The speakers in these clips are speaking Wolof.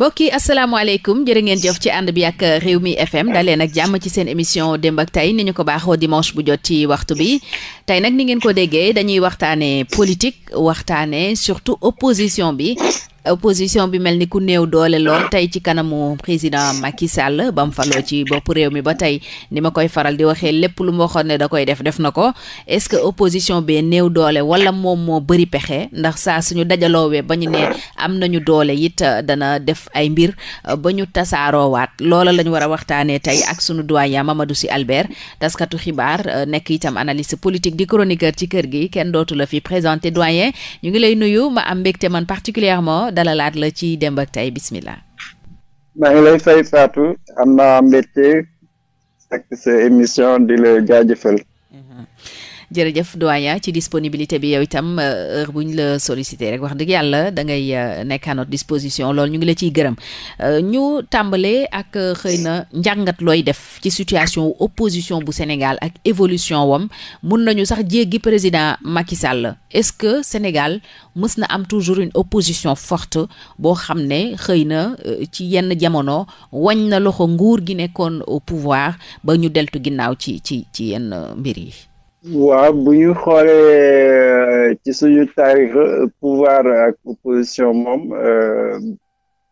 mbokk yi asalaamaaleykum jërë ngeen jëf ci ànd bi ak réew mi FM daleen ak jàmm ci seen émission démb ak tay ni ñu ko baaxoo dimanche bu jot ci waxtu bi tey nag ni ngeen ko déggee dañuy waxtaanee politique waxtaanee surtout opposition bi opposition bi mel ni ku néew doole lool tey ci kanamu président Macky Sall ba mu faloo ci boppu réew mi ba tey ni ma koy faral di waxee lépp lu mu waxoon ne da koy def def na ko est-ce que opposition bee néew doole wala moom moo bëri pexe ndax saa suñu dajaloowee ba ñu ne am nañu doole it dana def ay mbir ba ñu tasaaroowaat loola lañ war a waxtaanee tey ak sunu doyen Mamadou Sy Albert taskatu xibaar nekk itam analyste politique di chroniqueur ci kër gi kenn dootu la fi présenté doyen ñu ngi lay nuyu ma am mbégte man particulièrement dalalaat la ci Demb ak Tay bismillah maa ngi lay fay Fatou émission di la jaajëfal mhm. jërëjëf doyen ci disponibilité bi yow itam euh, heure bu ñu la sollicité rek wax dëgg yàlla da ngay euh, nekk à disposition loolu ñu ngi la ciy gërëm euh, ñu tàmbalee ak xëy na njàngat looy def ci situation opposition bu Sénégal ak évolution wam mun nañu sax jéggi président Macky Sall est-ce que Sénégal mës na am toujours une opposition forte boo xam ne xëy na ci yenn jamono wañ na loxo nguur gi nekkoon au pouvoir ba ñu deltu ginnaaw ci ci ci yenn mbir yi waaw bu ñu xoolee euh, ci suñu taarix euh, pouvoir ak opposition moom euh,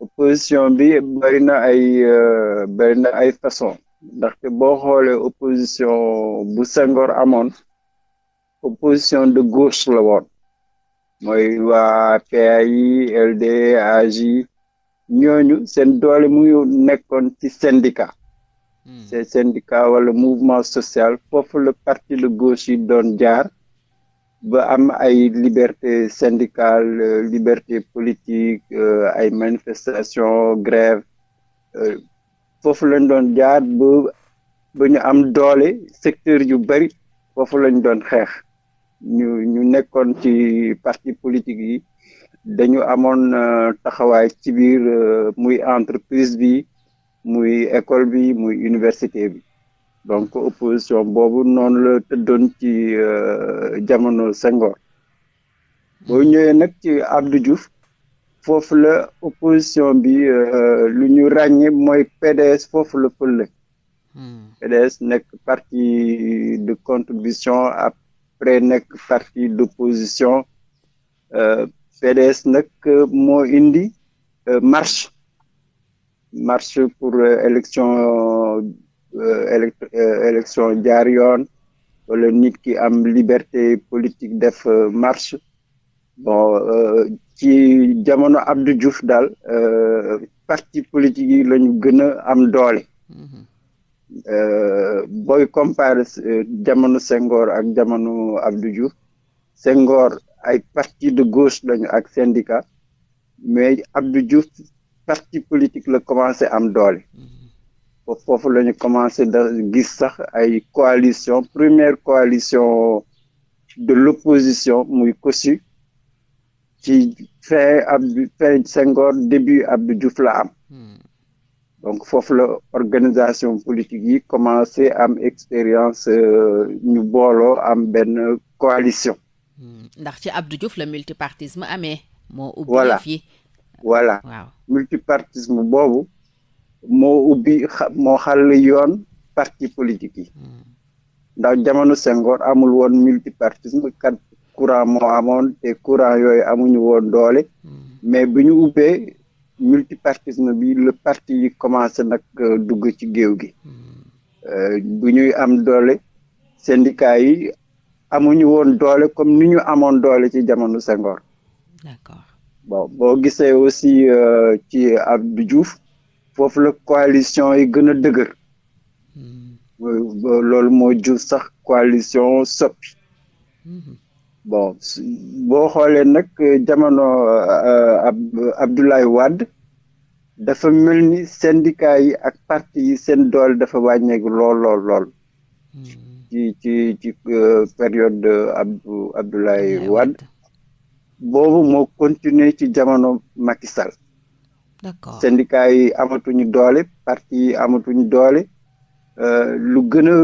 opposition bi bëri na ay bëri na ay façon ndaxte boo xoolee opposition bu sengor amoon opposition de gauche la woon mooy waa PAI LD AJ ñooñu seen doole mu ngi nekkoon ci syndicat Hmm. ces syndicats wala mouvement social foofu la parti le gauche yi doon jaar ba am ay liberté syndicale euh, liberté politique euh, ay manifestation grève euh, foofu lañ doon jaar ba ba ñu am doole secteur yu bëri foofu lañ doon xeex ñu ñu nekkoon ci parti politique yi dañu amoon taxawaay ci biir muy entreprise bi muy école bi muy université bi donc opposition boobu noonu la tëddoon ci euh, jamono Senghor boo ñëwee nag ci Abdou Diouf foofu la opposition bi euh, lu ñu ràññee mooy PDS foofu la fële. Hmm. PDS nekk parti de contribution après nekk parti d'opposition euh, PDS nag moo indi marche marche pour euh, élection euh, euh, élection jaar yoon wala nit ki am liberté politique def marche bon ci jamono Abdou Diouf daal parti politique yi lañu gën a am doole mhm. boy comparer jamono Senghor ak jamono Abdou Diouf Senghor ay parti de gauche lañu ak syndicat mais Abdou Diouf parti politique la commencé am doole foofu la ñu commencé da gis sax ay coalition première coalition de l'opposition muy COSU ci fin Abdou fin Senghor début Abdou Diouf la am donc foofu la organisation politique yi commencé am expérience euh, ñu booloo am benn coalition. ndax ci Abdou Diouf la multipartisme amee. moo voilà waaw multipartisme boobu moo ubbi moo xàll yoon parti politique yi hmm. ndax jamono Senghor amul woon multipartisme kat courant moo amoon te courant yooyu amuñu woon doole hmm. mais bu ñu ubbee multipartisme bi le parti yi commencé nag euh, dugg ci géew gi hmm. euh, bu ñuy am doole syndicat yi amuñu woon doole comme ni ñu amoon doole ci jamono Senghor bon boo gisee aussi euh, ci Abdou Diouf foofu la coalition yi gën a dëgër hmm. euh, euh, loolu moo jur sax coalition soppi hmm. bon boo xoolee nag jamono Abdoulaye Wade dafa mel ni syndicat yi ak parti yi seen dool dafa wàññeeku lool lool lool hmm. ci ci ci période Abdou Abdoulaye Wade boobu moo continuer ci jamono Macky Sall. d'accord yi amatuñu doole parti yi amatuñu doole euh, lu gën a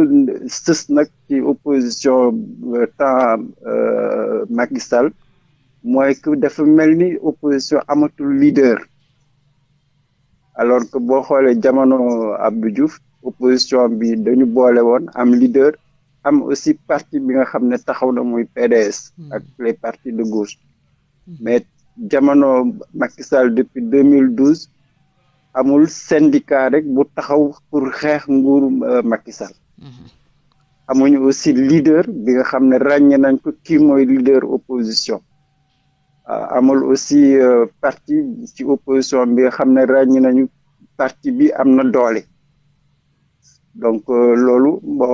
sës nag ci opposition euh, temps euh, Macky mooy que dafa mel ni opposition amatul leader alors que boo xoolee jamono Abdou Diouf opposition bi dañu boole woon am leader am aussi parti bi nga xam ne taxaw na muy PDS. Hmm. ak les partis de gauche. Mm-hmm. mais jamono makisal depuis deux mille douze amul syndicat rek bu taxaw pour xeex nguur euh, Macky mm-hmm. amuñu aussi leader bi nga xam ne ràññee nañ ko kii mooy leader opposition euh, amul aussi euh, parti ci opposition bi nga xam ne ràññee nañu parti bi am na doole donc loolu bo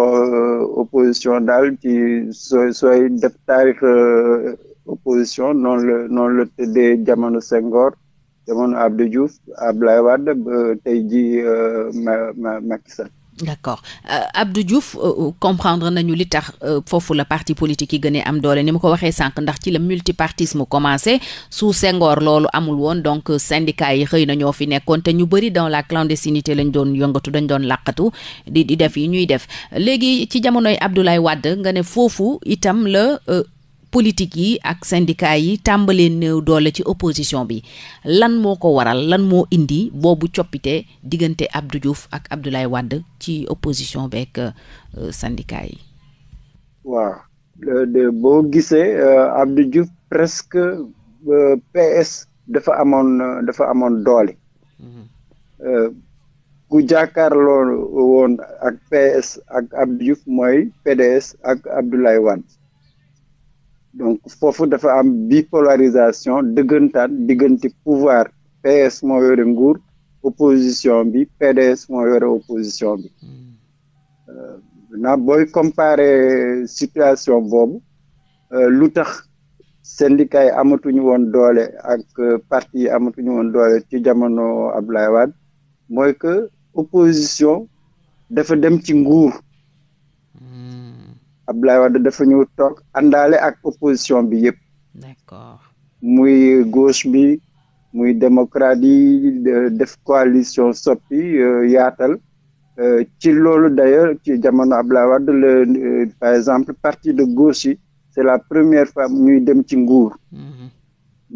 opposition daal ci sooy sooy def taarix opposition noonu la noonu la tëddee jamono Senghor jamono Abdou Diouf Abdoulaye Wade ba tey jii euh, Macky Sall. d'accord euh, Abdou Diouf euh, comprendre nañu li tax foofu la parti politique yi gën a am doole ni ma ko waxee sànq ndax ci la multipartisme commencé sous Senghor loolu amul woon donc syndicat yi xëy na ñoo fi nekkoon te ñu bëri dans la clandestinité lañ doon yëngatu dañ doon làqatu di di def yi ñuy def léegi ci jamonoy Abdoulaye Wade nga ne foofu itam la politique yi ak syndicat yi tàmbalee néew doole ci opposition bi lan moo ko waral lan moo indi boobu coppite diggante Abdou Diouf ak Abdoulaye Wade ci opposition beeg uh, syndicat yi. waaw euh, boo gisee euh, Abdou presque euh, PS dafa amoon dafa amoon doole. Mm -hmm. euh, ku jàkkaarloo woon ak PS ak Abdou Diouf mooy PDS ak Abdoulaye Wade. donc foofu dafa am bi bipolarisation dëggantaan diggante pouvoir PS moo yore nguur opposition bi PDS moo yore opposition bi euh, na booy comparer situation boobu euh, lu tax syndicat yi amatuñu woon doole ak euh, parti yi amatuñu woon doole ci jamono Abdoulaye Wade mooy que opposition dafa dem ci nguur Abdoulaye Wade dafa ñu toog àndaale ak opposition bi yëpp. muy gauche bi muy démocrate yi def coalition soppi euh, yaatal euh, ci loolu d'ailleurs ci jamono Abdoulaye Wade la euh, par exemple parti de gauche yi c'est la première fois muy dem ci nguur. Mhm.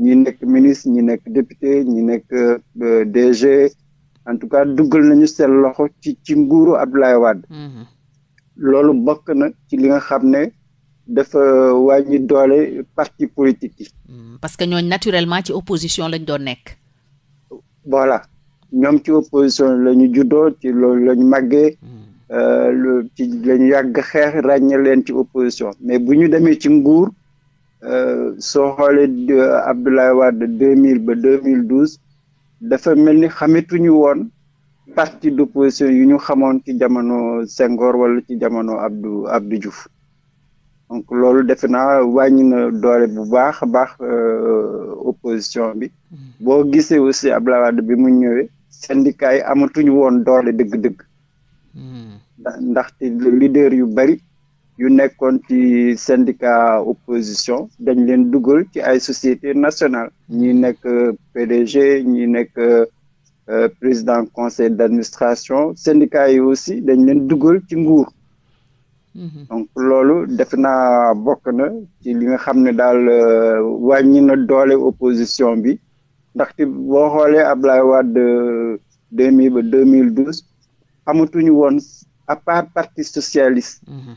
ñi nekk ministre ñi nekk député ñi nekk DG en tout cas duggal nañu seen loxo ci ci nguuru Abdoulaye loolu bokk na ci li nga xam ne dafa wàññi doole parti politique yi. Hmm. parce que ñooñ naturellement ci opposition lañ doon nekk. boola ñoom ci opposition la ñu juddoo ci loolu la ñu màggee. Hmm. Euh, ci la yàgg xeex ràññee leen ci opposition mais bu ñu demee ci nguur euh, soo xoolee euh, Abdoulaye Wade deux mille ba deux mille douze dafa mel ni xamituñu woon. parti d'opposition yu ñu xamoon ci jamono sengoor wala ci jamono Abdou Abdou Diouf donc loolu defe naa wàññi na doole bu baax a baax euh, opposition bi mm-hmm. boo gisee aussi Abdoulaye Wade bi mu ñëwee syndicat yi amatuñu woon doole dëgg-dëgg mm-hmm. ndaxte leader yu bari yu nekkoon ci syndicat opposition dañ leen dugal ci ay société national ñi nekk euh, PDG ñi nekk euh, Euh, président conseil d' administration syndicat yi aussi dañ leen dugal ci nguur. Mhm. donc loolu def naa bokk na ci li nga xam ne daal euh, wàññi na doole opposition bi ndaxte boo xoolee Ablaye Wade deux mille ba deux mille douze amatuñu woon à part parti socialiste. Mhm.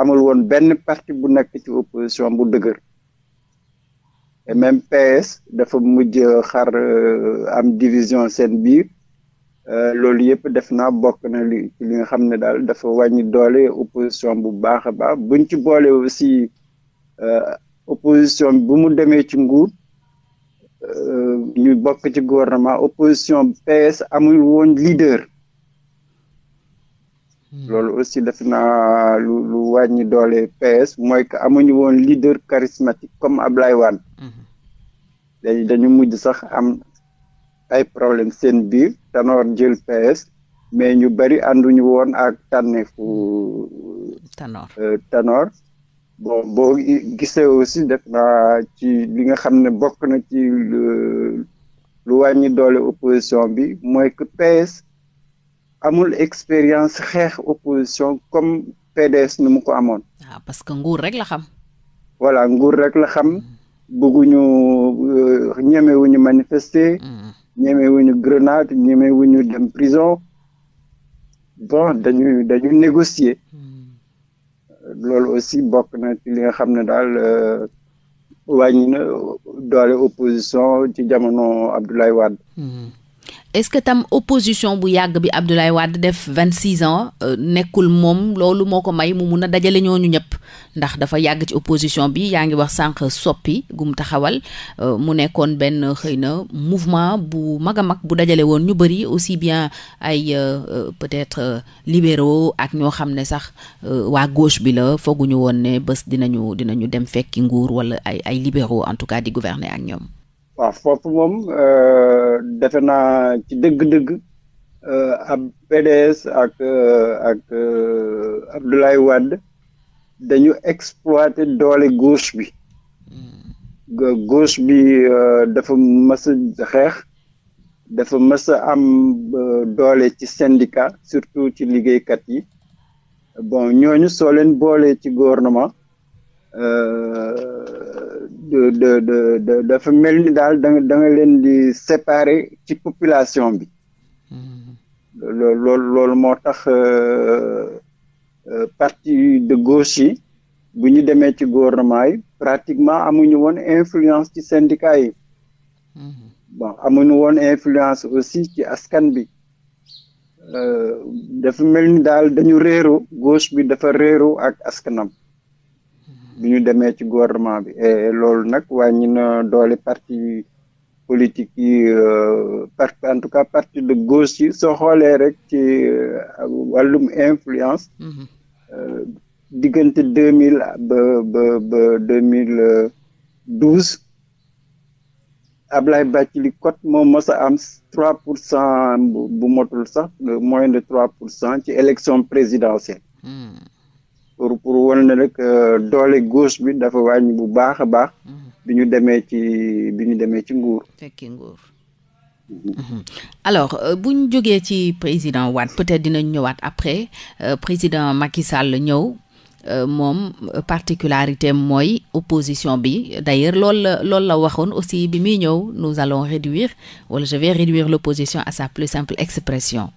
amul woon benn parti bu nekk ci opposition bu dëgër. et même PS dafa mujj xar euh, am division seen biir euh, loolu yëpp def naa bokk na li li nga xam ne daal dafa wàññi doole opposition bu baax a baax buñ ci boole aussi euh, opposition bu mu demee ci nguur ñu bokk ci gouvernement opposition PS amul woon leader. Hmm. loolu aussi def naa lu lu wàññi doole PS mooy que amuñu woon leader charismatique comme Ablaye lay hmm. dañu dañu mujj sax am ay problème seen biir Tanor jël PS mais ñu bëri ànduñu woon ak tànneefu. Tanor euh, Tanor. bon boo gisee aussi def naa ci li nga xam ne bokk na ci lu wàññi doole opposition bi mooy que PS. amul expérience xeex opposition comme PDS nu mu ko amoon. Ah, parce que nguur rek la xam. voilà nguur rek la xam. bëgguñu euh, ñemewuñu manifester. Hmm. ñemewuñu grenade ñemewuñu dem prison. bon dañuy dañu négocier. Hmm. loolu aussi bokk na ci li nga xam ne daal. Euh, wàññi na doole opposition ci jamono Abdoulaye Wade. Hmm. est-ce que tam opposition bu yàgg bi Abdoulaye Wade def vingt six ans euh, nekkul moom loolu moo ko may mu mun a dajale ñooñu ñëpp ndax dafa yàgg ci opposition bi yaa ngi wax sànq soppi gum taxawal euh, mu nekkoon benn xëy na mouvement bu mag a mag bu dajale woon ñu bëri aussi bien ay euh, peut-être libéraux ak ñoo xam ne sax waa gauche bi la fooguñu woon ne bés dinañu dinañu dem fekki nguur walla ay ay libéraux en tout cas di gouverner ak ñoom waaw foofu moom euh, defe naa ci dëgg-dëgg euh, ab PDS ak euh, ak Abdoulaye dañu exploiter doole gauche bi hmm. gauche bi dafa mës a xeex dafa mës am doole ci syndicat surtout ci liggéeykat yi bon ñooñu soo leen boole ci gouvernement de de de dafa mel ni daal da nga leen di séparer ci population bi. loolu loolu moo tax euh, euh, parti de gauche yi bu ñu demee ci gouvernement yi pratiquement amuñu woon influence ci syndicat yi. bon amuñu woon influence aussi ci askan bi. Euh, dafa mel ni daal dañu réeroo gauche bi dafa réeroo ak askanam. bi ñu demee ci gouvernement bi et loolu nag wàññi na doole parti politique yi euh, parti en tout cas parti de gauche yi soo xoolee rek ci euh, wàllum influence mhm. euh, diggante deux mille ba ba ba deux mille douze Ablaye li Cot moom mos am trois pour cent bu motul sax moins de trois pour cent ci élection présidentielle hmm. pour pour wane ne rek euh, doole gauche bi dafa wàññi bu baax a baax. Mhm. bi ñu demee ci demee ci nguur. fekki nguur. Mhm. Mhm. alors euh, bu ñu jógee ci président waat peut-être dinañ ñëwaat après euh, président Macky Sall ñëw. Euh, moom euh, particularité mooy opposition bi d'ailleurs lool la loolu la waxoon aussi bi muy ñëw nous allons réduire wala je vais réduire l'opposition à sa plus simple expression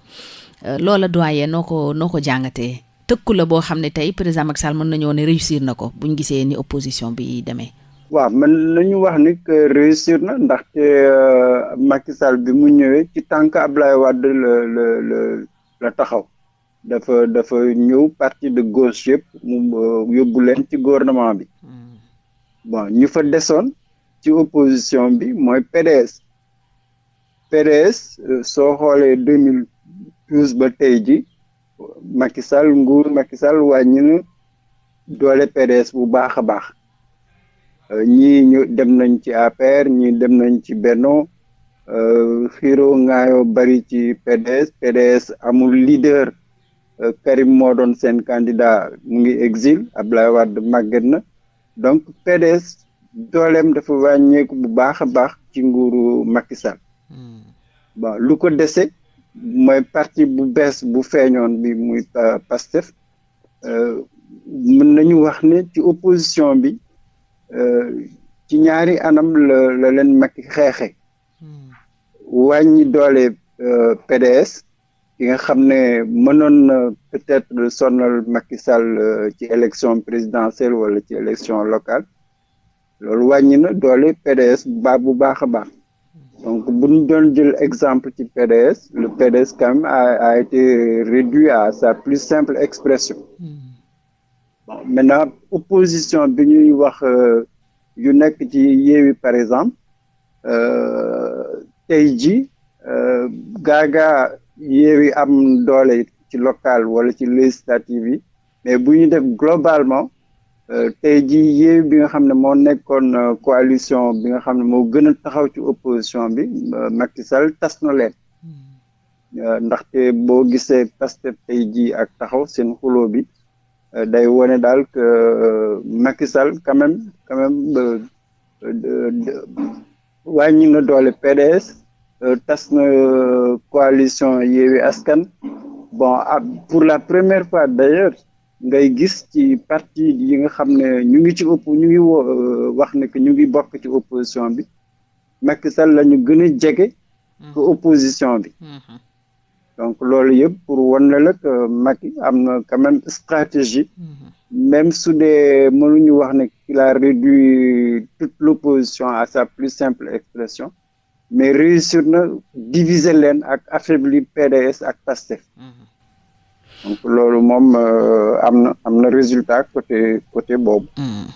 euh, loola doyen noo ko noo ko jàngatee tëkku la boo xam ne tey président Macky Sall mën nañoo ne réussir na ko bu ñu gisee ni opposition bi demee. waaw man la ñu wax ni que réussir na ndaxte euh, Macky Sall bi mu ñëwee ci tànk Ablaye Wade la la la taxaw dafa dafa ñëw parti de gauche yëpp mu euh, yóbbu leen ci gouvernement bi hmm. bon ñu fa desoon ci opposition bi mooy PDS PDS euh, soo xoolee deux ba tey ji Macky Sall nguur Macky Sall wàññi doole PDS bu baax a baax euh, ñii dem nañ ci APR ñi dem nañ ci Benno euh, xiro ngaayoo bari ci PDS PDS amul leader euh, Karim moo doon seen candidat mu ngi exil Abdoulaye Wade màgget na donc PDS doolem dafa wàññeeku bu baax a baax ci nguuru Macky Sall hmm. dese mooy parti bu bees bu feeñoon bi muy Pastef euh, mën nañu wax ne ci opposition bi euh, ci ñaari anam la la leen Macky xeexe hmm. wàññi doole euh, PDS ki nga xam ne mënoon na peut-être sonal Macky Sall ci élection présidentielle wala ci élection locale loolu wàññi na doole PDS bu baax bu baax a baax donc bu ñu doon jël exemple ci PDS le PDS quand a, été réduit à sa plus simple expression mm. bon maintenant opposition bi ñuy wax euh, yu nekk ci Yewwi par exemple euh, tey ji euh, gaaga Yewwi am doole ci local wala ci législative yi mais bu ñu def globalement Euh, tey jii yéew bi nga xam ne moo nekkoon euh, coalition bi nga xam ne moo gën a taxaw ci opposition bi euh, Macky Sall tas na leen hmm. ndaxte boo gisee Pastef tey jii ak taxaw seen xuloo bi day wone daal que Macky Sall quand même na doole PDS tas na coalition Yewwi Askan bon ah, pour la première fois d'ailleurs ngay gis ci parti yi nga xam ne ñu ngi ci ëpp ñu ngi euh, wax na que ñu ngi bokk ci opposition bi Macky Sall la ñu gën jege. que hmm. opposition bi. Hmm. donc loolu yëpp pour wan na la que Macky am na quand même stratégie. Hmm. même su dee mënuñu wax ne qu'il a réduit toute l'opposition à sa plus simple expression mais réussir na diviser leen ak affaiblir PDS ak PASTEF. loolu moom euh, am na résultat côté boobu. Hmm.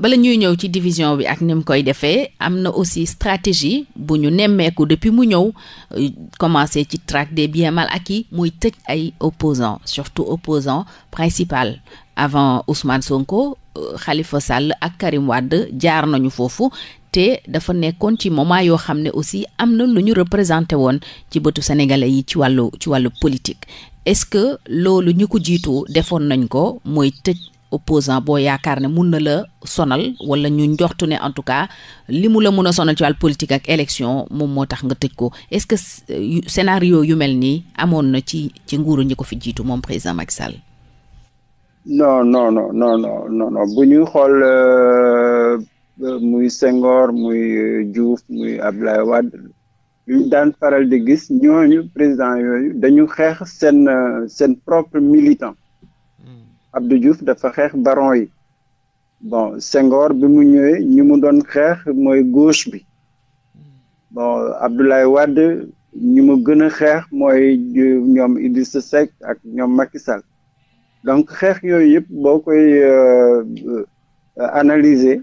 bala ñuy ñëw ci division bi ak ni koy defee am na aussi stratégie bu ñu nemmeeku depuis mu ñëw euh, commencé ci traque des biens mal acquis muy tëj ay opposants surtout opposant principal avant Ousmane Sonko euh, Khalifa Sall ak Karim Wade jaar nañu foofu te dafa nekkoon ci moment yoo xam ne aussi am na lu ñu représenté woon ci bëtu sénégalais yi ci wàllu ci wàllu politique est-ce que loolu ñu ko jiitoo defoon nañ ko mooy tëj opposant boo yaakaar ne mun na la sonal wala ñu njortu ne en tout cas li mu la mun a sonal ci wàllu politique ak élection moom moo tax nga tëj ko est-ce que scénario yu mel nii amoon na ci ci nguuru ñi ko fi jiitu moom président Macky Sall. non non non non non non bu ñuy xool euh, euh muy Senghor muy euh, Diouf muy Abdoulaye Wade. yu daan faral di gis ñooñu président yooyu dañu xeex seen seen propre militant hmm. Abdou Diouf dafa xeex baron yi bon Senghor bi mu ñëwee ñi mu doon xeex mooy gauche bi hmm. bon Abdoulaye wàdd ñi mu gën a xeex mooy ñoom Idrissa Seck ak ñoom Macky Sall donc xeex yooyu yëpp boo koy euh, euh, analyser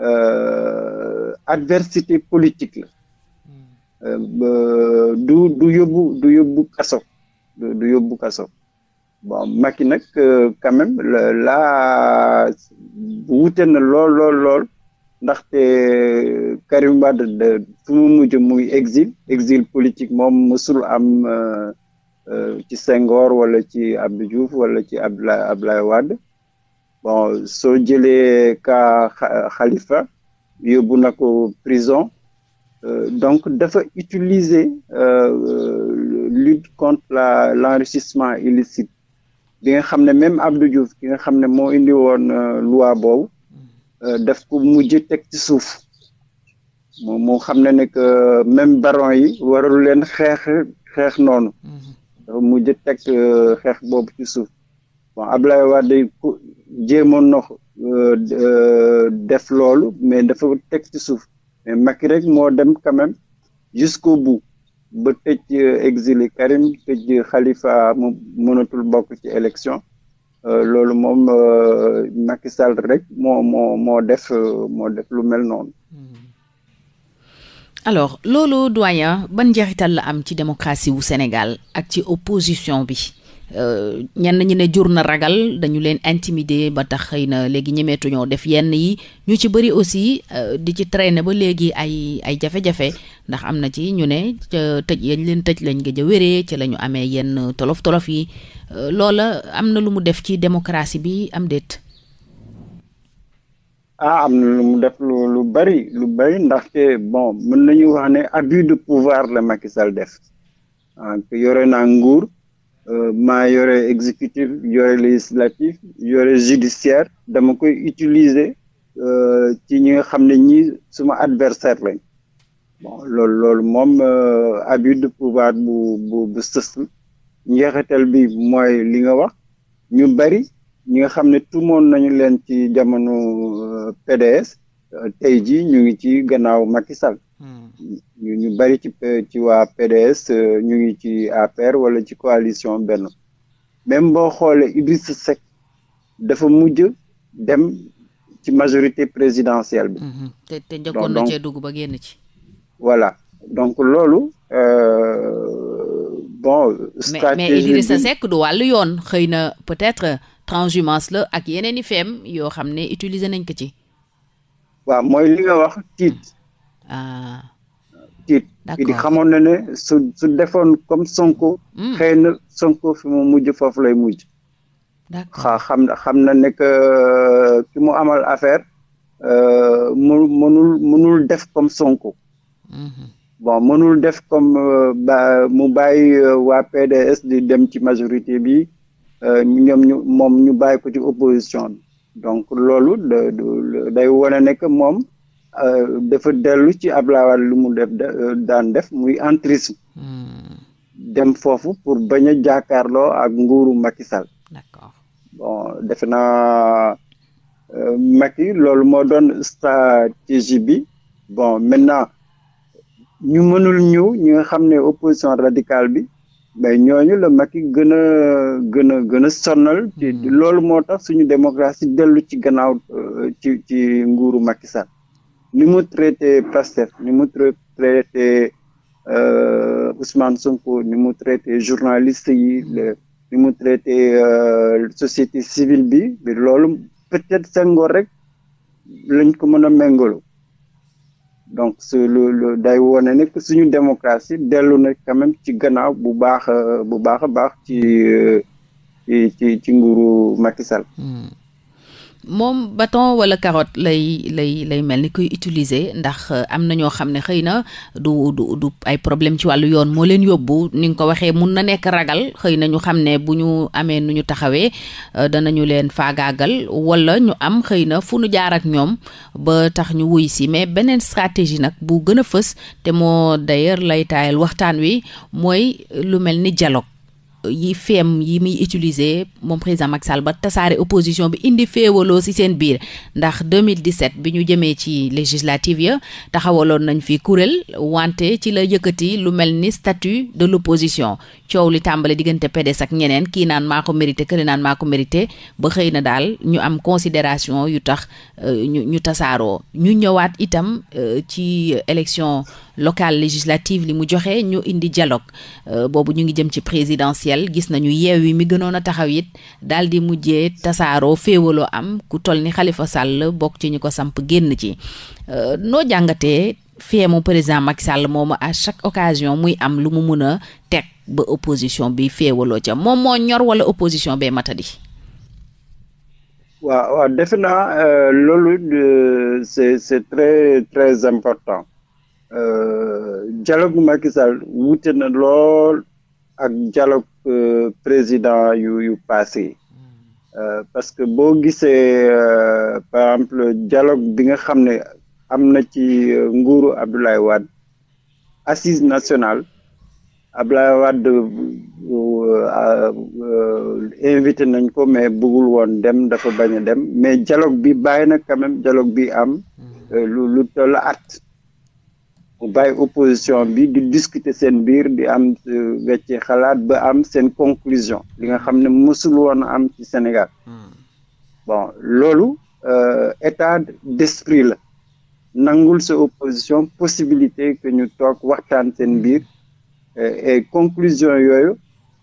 euh, adversité politique la du du yóbbu du yóbbu kaso du yóbbu kaso bon Macky nag euh, quand même la wute na lool lool ndaxte Karim Wade fu mu mujj muy exil exil politique moom mësul am euh, euh, ci Senghor wala ci Abdou Diouf wala ci Abdoulaye Abdoulaye Wade bon soo jëlee ka Khalifa yóbbu nako prison Euh, donc dafa utiliser euh, euh, lutte contre la l'enrichissement illicite bi nga xam ne même Abdou Diouf bi nga xam ne moo indi woon loi boobu daf ku mujj teg ci suuf moom moo xam ne ne que même baron yi waralu leen xeex xeex noonu dafa mujj teg xeex boobu ci suuf bon Ablaye Wade jéemoon na def loolu mais dafa teg ci suuf mais Macky rek moo dem quand même bu bout ba tëj euh, exilé Karim tëj Khalifa mënatul bokk ci élection euh, loolu moom euh, Macky Sall rek moo moo moo def moo def lu mel noonu. Hmm. alors loolu doyen ban njeexital la am ci démocratie wu Sénégal ak ci opposition bi. Euh, ñenn ñi ne jur na ragal dañu leen intimider ba tax xëy na léegi ñemeetuñoo def yenn yi ñu ci bëri aussi euh, di ci traîner ba léegi ay ay jafe-jafe ndax am na ci ñu ne ca tëj yañ leen tëj lañ gëj wéree ci lañu amee yenn tolof-tolof yi euh, loola am na lu mu def ci démocratie bi am déet. ah am na lu mu def lu lu bari lu bari ndaxte bon nañu wax ne abus de pouvoir la Macky def ah, yore naa nguur. Euh, maa yore exécutif yore législatif yore judiciaire dama koy utiliser euh, ci ñi nga xam ne ñii suma adversaire lañ bon loolu loolu moom euh, abus de pouvoir bu bu bu sës bi mooy li nga wax ñu bari ñi nga xam ne tumoon nañu leen ci jamono PDS tey jii ñu ngi ci gannaaw Macky ñu ñu bëri ci euh, ci waa PDS euh, ñu ngi ci APR wala ci coalition benn même boo xoolee Idrissa Seck dafa mujj dem ci majorité présidentielle bi. Mm-hmm. te te njëkkoon na cee dugg ba génn ci. voilà donc loolu. Euh, bon stratégie mais mais Idrissa Seck du wàllu yoon xëy na peut-être transhumance la ak yeneen i feem yoo xam ne utiliser nañ ko ci. waaw mooy li nga wax tiit. tiit ah. di xamoon na ne su defoon comme Sonko hmm. xëy na Sonko fi mu mujj foofu lay mujj xa xam xam na ne euh, ki mu amal affaire euh, mu mënul mënul def comme Sonko hmm. bon mënul def comme euh, ba mu bàyyi waa PDS dem ci majorité bi ñoom ñu moom ñu bàyyi ko ci opposition bi donc loolu day wone ne que moom Euh, dafa dellu ci Abdoulaye Wade lu mu def daan def muy entrisme hmm. dem foofu pour bañ a jàkkaarloo ak nguuru Macky Sall d'accord bon defe naa euh, Macky loolu moo doon stratégie bi bon maintenant ñu mënul ñëw ñi nga xam ne opposition radicale bi mais ñooñu la Macky gën a gën a gën a sonal. Hmm. loolu moo tax suñu démocratie dellu ci gannaaw euh, ci ci nguuru makisal ni mu traité Pastef ni mu traité euh, Ousmane Sonko ni mu traité journaliste yi ni mu traité euh, société civile bi mais loolu peut-être Senghor rek lañ ko mën a méngaloo donc su lu day wone ne que suñu démocratie dellu na quand ci gannaaw bu baax euh, bu baax a baax ci euh, ci ci ci nguuru Macky moom baton wala carotte lay lay lay mel ni koy utiliser ndax euh, am na ñoo xam ne xëy na du du du ay problème ci wàllu yoon moo leen yóbbu ni nga ko waxee mun na nekk ragal xëy na ñu xam ne bu ñu amee nu ñu taxawee euh, danañu leen faagaagal wala ñu am xëy na fu nu jaar ak ñoom ba tax ñu wuy si mais beneen stratégie nag bu gën a fës te moo d'ailleurs lay taayal waxtaan wi mooy lu mel ni dialogue yi feem yi muy utiliser moom président Macky Sall ba tasaare opposition bi indi féewaloo si seen biir ndax 2017 bi ñu jëmee ci législative ya taxawaloon nañ fi kuréel wante ci la yëkkati lu mel ni statut de l'opposition coow li tàmbale diggante PDS ak ñeneen kii naan maa ko mérité kële naan maa ko mérité ba xëy na daal ñu am considération yu tax euh, ñu ñu tasaaroo ñu ñëwaat itam euh, ci élection locale législative li mu joxe ñu indi dialogue euh, boobu ñu ngi jëm ci présidentielle parallèle gis nañu yi mi gënoon a taxaw it daal di mujjee tasaaroo féewaloo am ku toll ni xalifa Sall bokk ci ñu ko samp génn ci euh, noo jàngatee feemu président Macky Sall moomu a chaque occasion muy am lu mu mun a teg ba opposition bi féewaloo ca moom moo ñor wala opposition bee matadi. waaw waaw defe naa euh, loolu euh, c'est c'est très important euh, dialogue Macky Sall wuute na lool ak dialogue euh, président yu yu passé euh, parce que boo gisee euh, par exemple dialogue bi nga xam ne am na ci nguuru Abdoulaye Wade assise nationale Abdoulaye Wade invité nañ ko mais bëggul woon dem dafa bañ a dem mais dialogue bi bàyyi na quand même dialogue bi am mm. lu lu at mu bàyyi opposition bi di discuter seen biir di am euh, wecce xalaat ba am seen conclusion li nga xam ne mësul woon am ci Sénégal hmm. bon loolu euh, état d'esprit la nangul sa opposition possibilité que ñu toog waxtaan seen biir euh, et conclusion yooyu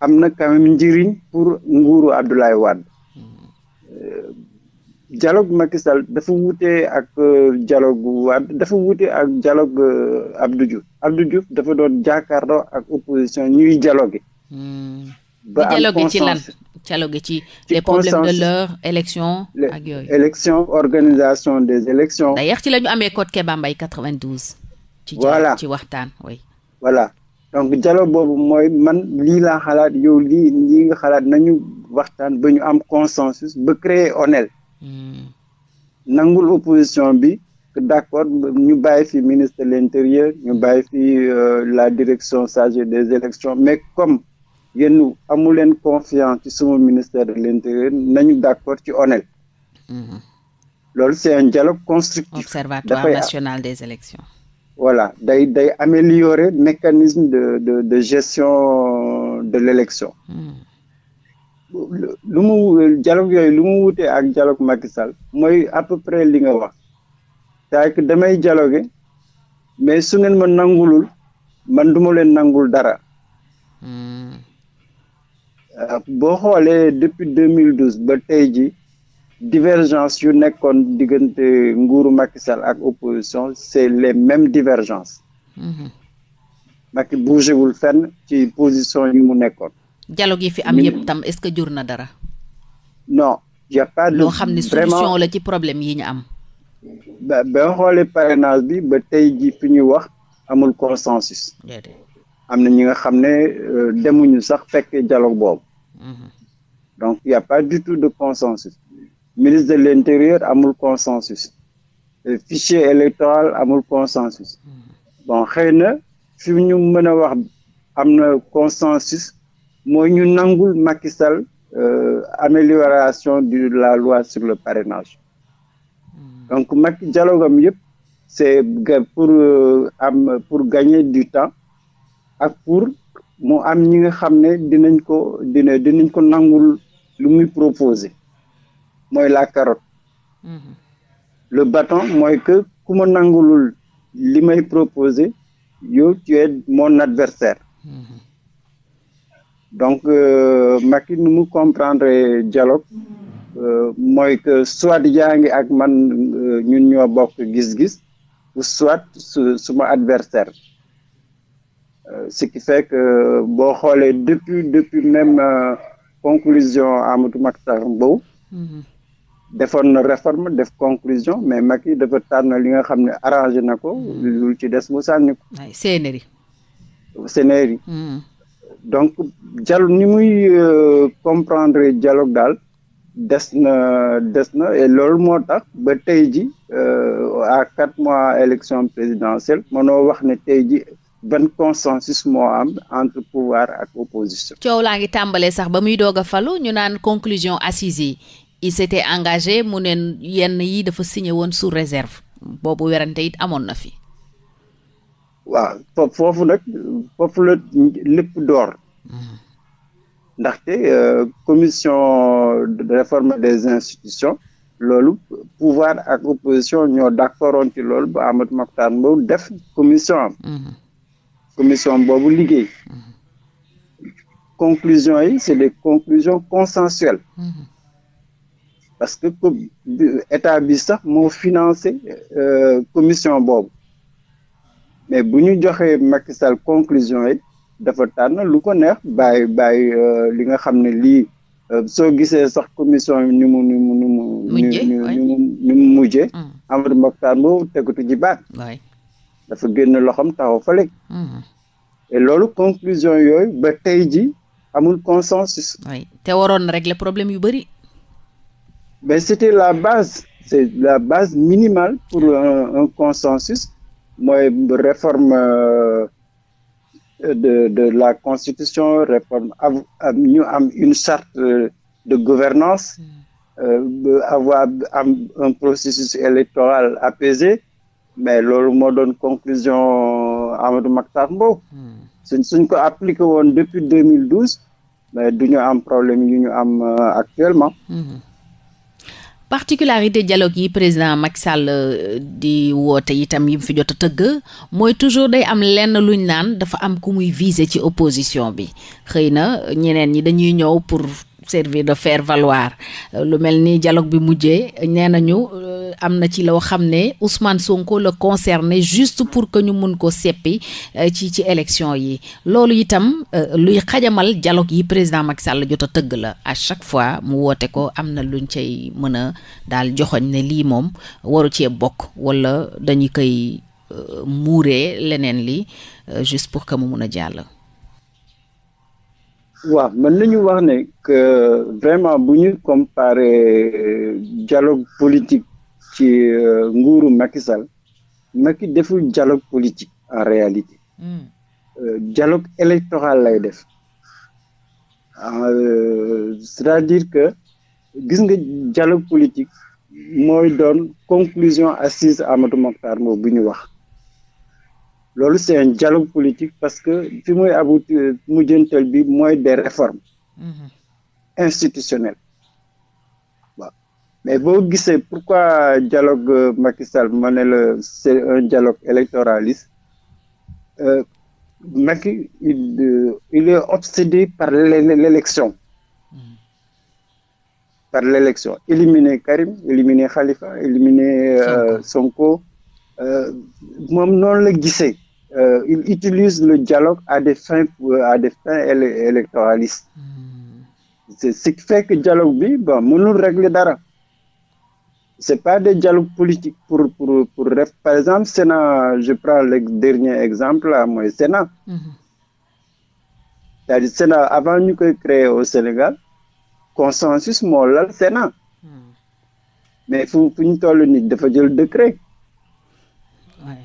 am na quand même njëriñ pour nguuru Abdoulaye Wade hmm. dialogue Macky Sall dafa wuute ak euh, dialogue Wade dafa wuute ak dialogue euh, Abdou Diouf Abdou Diouf dafa doon jàkkaarloo ak opposition ñuy dialogue. Hmm. ba am dialogue ci lan dialogue ci les problèmes de l'heure élection ak yooyu. organisation des élections. d'ailleurs ci la amee code Kéba Mbaye 92. voilà waxtaan oui. voilà donc dialogue boobu mooy man lii laa xalaat yow lii lii nga xalaat nañu waxtaan ba ñu am consensus ba créer ONEL. nangul opposition bi d'accord ñu bàyyi fi ministre de l'intérieur ñu bàyyi fi euh, la direction chargée des élections mais comme yéen amu leen confiance ci suma ministère de l'intérieur nañu d'accord ci ONEL mm-hmm. loolu c'est un dialogue constructif observatoire national des élections voilà day day améliorer mécanisme de de de gestion de l'élection mm. lu mu dialogue yooyu lu mu wutee ak dialogue Macky Sall mooy à peu près li nga wax c'est que damay dialogue mais su ngeen ma nangulul man duma leen nangul dara hmm. euh, boo xoolee depuis mille 2012 ba tey ji divergence yu nekkoon diggante nguuru Macky Sall ak opposition c'est les mêmes divergences hmm. Macky bougé wul fenn ci position yi mu nekkoon dialogue yi fi am yëpp tam est-ce que jur na dara. non y' a pas de. xam ne solution la ci problème yi ñu am. ba ba xoolee parrainage bi ba tey ji fi ñuy wax amul consensus. am na ñi nga xam ne euh, demuñu sax fekk dialogue boobu. Mhm. donc y' a pas du tout de consensus. ministre de l' intérieur amul consensus. Euh, fichier électoral amul consensus. Mhm. bon xëy na fi ñu mën a wax am na consensus. mooy ñu nangul Macky Sall euh, amélioration de la loi sur le parrainage hmm. donc Macky jalogam am yëpp c'est pour euh, am euh, pour gagner du temps ak pour mu am ñi nga xam ne dinañ ko dina dinañ ko nangul lu muy proposé mooy la carotte mmh. le bâton mooy que ku ma nangulul li may proposé yow tu es mon adversaire hmm. donc euh, maki nu mu comprendre dialogue mm-hmm. euh, mooy que soit yaa ngi ak man euh, ñun ñoo bokk gis-gis ou soit su suma adversaire ce qui fait que boo xoolee depuis depuis même conclusion Amadou Makhtar Mbow mm-hmm. defoon na réforme def conclusion mais Macky dafa tànn li nga xam ne arrangé na ko mm-hmm. lu ci des mu sànni ko. waaye séenéer donc dialogue ni muy euh, comprendre jaloo daal des na des na loolu moo tax ba tey ji euh, à quatre mois élection présidentielle mënoo wax ne tey ji ban consensus moo am entre pouvoir ak opposition. coow laa ngi tàmbalee sax ba muy doog a falu ñu naan conclusion assises yi il s'était engagé mu ne yenn yi dafa signe woon sous réserve boobu werante it amoon na fi. waaw foofu nag foofu la lépp door hmm. ndaxte euh, commission de réforme des institutions loolu pouvoir ak opposition ñoo d'accordoon ci loolu ba Amadou Mahtar Mbow def commission am hmm. commission boobu liggéey hmm. conclusions yi c'est des conclusions consensuelles parce que état bi sax moo financé euh, commission boobu mais bu ñu joxee Macky Sall conclusion yi dafa tànn lu ko neex bàyyi bàyyi euh, li nga xam ne lii euh, soo gisee sax commission ni mu ni mu ni mu ni mu ni mu mujjee mm. tegutu ji dafa génn loxoom taxaw fële mm-hmm. et loolu conclusion yooyu ba tey ji amul consensus te waroon régler problème yu bëri mais c'était la base c'est la base minimale pour un, un consensus mooy réforme euh, de de la constitution réforme am ñu am une charte de gouvernance euh, avoir am un processus électoral apaisé mais loolu moo doon conclusion Amadou Makhtar Mbow hmm. suñ suñ ko appliqué woon depuis 2012 mais du ñu am problème yu ñu am euh, actuellement. Hmm. particularité dialogue yi président Macky Sall euh, di woote itam mu fi jot a tëgg mooy toujours day am lenn luñ naan dafa am ku muy viser ci opposition bi xëy na euh, ñeneen ñi dañuy ñëw pour servir de faire valoir euh, lu mel ni dialogue bi mujje nee nañu am na ci loo xam ne Ousmane Sonko la concerné juste pour que ñu mun ko seppi euh, ci ci élection yi loolu itam euh, luy xajamal dialogue yi président Macky Sall jot a tëgg la a chaque fois mu woote ko am na luñ cay mën a daal joxoñ ne lii moom waru cee bokk wala dañu koy euh, muuree leneen li juste pour que mu mun a jàll. waaw mën nañu wax ne bu ñu comparer dialogue politique ci euh, nguuru Macky Sall deful dialogue politique en réalité hmm. euh, dialogue électoral lay def ah, euh, c'est-à-dire que gis nga dialogue politique mooy doon conclusion assise Amadou Mokhtar moo bu ñu wax loolu c'est dialogue politique parce que fi muy abouti mujjantal bi mooy des réformes hmm. institutionnelles mais boo gisee pourquoi dialogue Macky Sall ma ne la c'est un dialogue électoraliste euh, Macky il euh, il est obsédé par l'élection mm. par l'élection éliminer Karim éliminer Khalifa éliminer euh, Sonko euh, moom noonu la gisee euh, il utilise le dialogue à des fins à des fins éle électoralistes mm. c'est ce qui fait que dialogue bi bon régler dara c'est pas des dialogues politique pour pour pour ref par exemple Sénat je prends le dernier exemple là mooy Sénat. Mhm. à dire Sénat avant ñu koy créer au Sénégal consensus moo lal Sénat. Mm. mais fu fu ñu toll nii dafa jël décret. Ouais.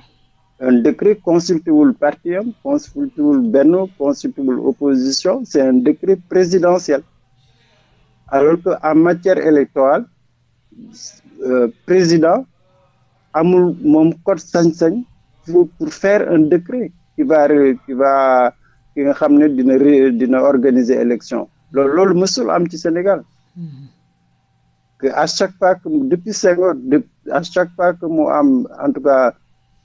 un décret consulté wul parti am consulté wul Benno consulté wul opposition c'est un décret présidentiel alors que en matière électorale Euh, président amul moom code sañ-sañ pour faire un décret qui va qui ki nga xam ne dina dina organiser élection loolu loolu mësul am ci Sénégal mm-hmm. que à chaque fois que depuis Senghor à chaque fois que mu am en tout cas